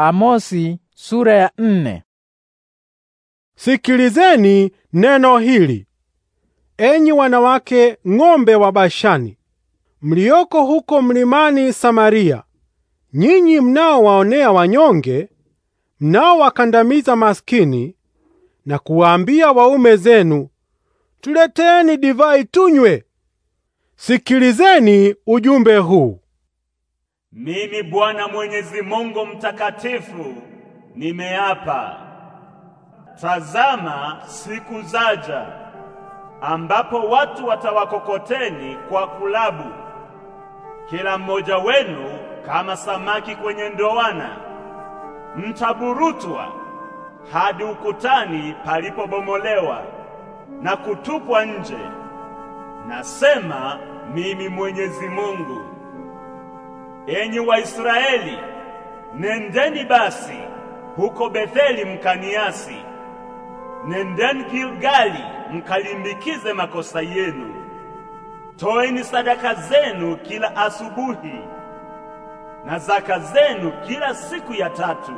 Amosi sura ya nne. Sikilizeni neno hili, enyi wanawake ng'ombe wa Bashani mlioko huko mlimani Samaria, nyinyi mnaowaonea wanyonge, mnaowakandamiza maskini na kuwaambia waume zenu, tuleteeni divai tunywe. Sikilizeni ujumbe huu. Mimi Bwana Mwenyezi Mungu mtakatifu nimeapa, tazama, siku zaja, ambapo watu watawakokoteni kwa kulabu, kila mmoja wenu kama samaki kwenye ndoana. Mtaburutwa hadi ukutani palipobomolewa na kutupwa nje. Nasema mimi Mwenyezi Mungu. Enyi Waisraeli, nendeni basi huko Betheli mkaniasi, nendeni Gilgali mkalimbikize makosa yenu. Toeni sadaka zenu kila asubuhi na zaka zenu kila siku ya tatu.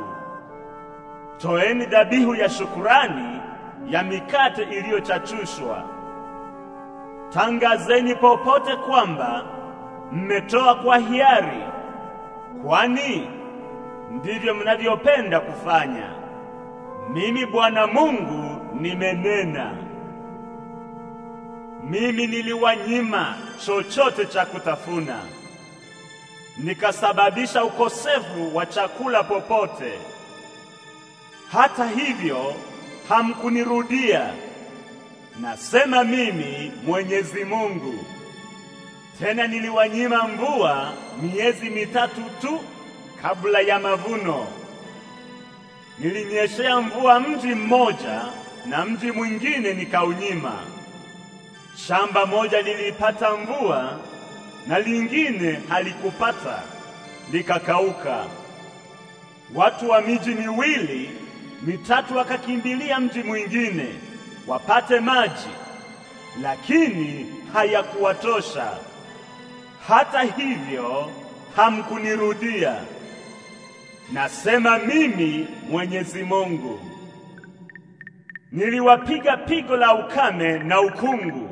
Toeni dhabihu ya shukurani ya mikate iliyochachushwa. Tangazeni popote kwamba mmetoa kwa hiari kwani ndivyo mnavyopenda kufanya. Mimi Bwana Mungu nimenena. Mimi niliwanyima chochote cha kutafuna, nikasababisha ukosefu wa chakula popote. Hata hivyo hamkunirudia. Nasema mimi Mwenyezi Mungu. Tena niliwanyima mvua miezi mitatu tu kabla ya mavuno. Nilinyeshea mvua mji mmoja na mji mwingine nikaunyima. Shamba moja lilipata mvua na lingine halikupata, likakauka. Watu wa miji miwili mitatu wakakimbilia mji mwingine wapate maji, lakini hayakuwatosha hata hivyo hamkunirudia. Nasema mimi Mwenyezi Mungu. Niliwapiga pigo la ukame na ukungu,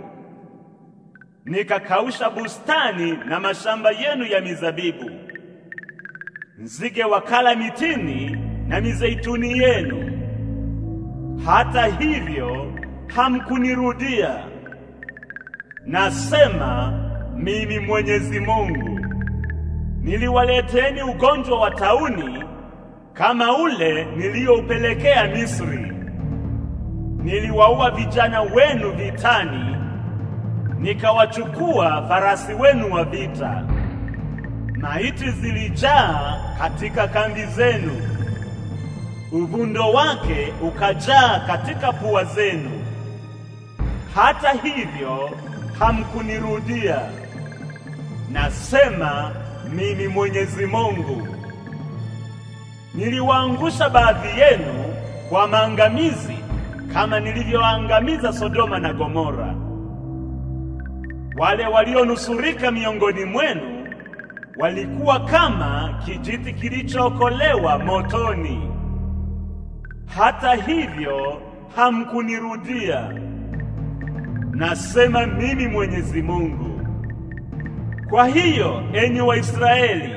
nikakausha bustani na mashamba yenu ya mizabibu. Nzige wakala mitini na mizeituni yenu. Hata hivyo hamkunirudia. Nasema mimi Mwenyezi Mungu niliwaleteni ugonjwa wa tauni kama ule niliyoupelekea Misri. Niliwaua vijana wenu vitani, nikawachukua farasi wenu wa vita. Maiti zilijaa katika kambi zenu, uvundo wake ukajaa katika pua zenu. Hata hivyo hamkunirudia. Nasema mimi Mwenyezi Mungu. Niliwaangusha baadhi yenu kwa maangamizi kama nilivyoangamiza Sodoma na Gomora. Wale walionusurika miongoni mwenu walikuwa kama kijiti kilichookolewa motoni. Hata hivyo hamkunirudia. Nasema mimi Mwenyezi Mungu. Kwa hiyo enyi Waisraeli,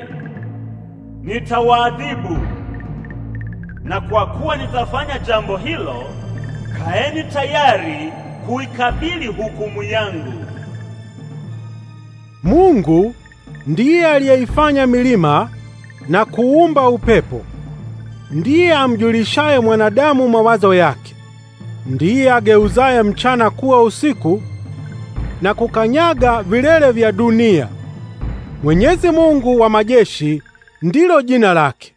nitawaadhibu, na kwa kuwa nitafanya jambo hilo, kaeni tayari kuikabili hukumu yangu. Mungu ndiye aliyeifanya milima na kuumba upepo, ndiye amjulishaye mwanadamu mawazo yake, ndiye ageuzaye mchana kuwa usiku na kukanyaga vilele vya dunia. Mwenyezi Mungu wa majeshi ndilo jina lake.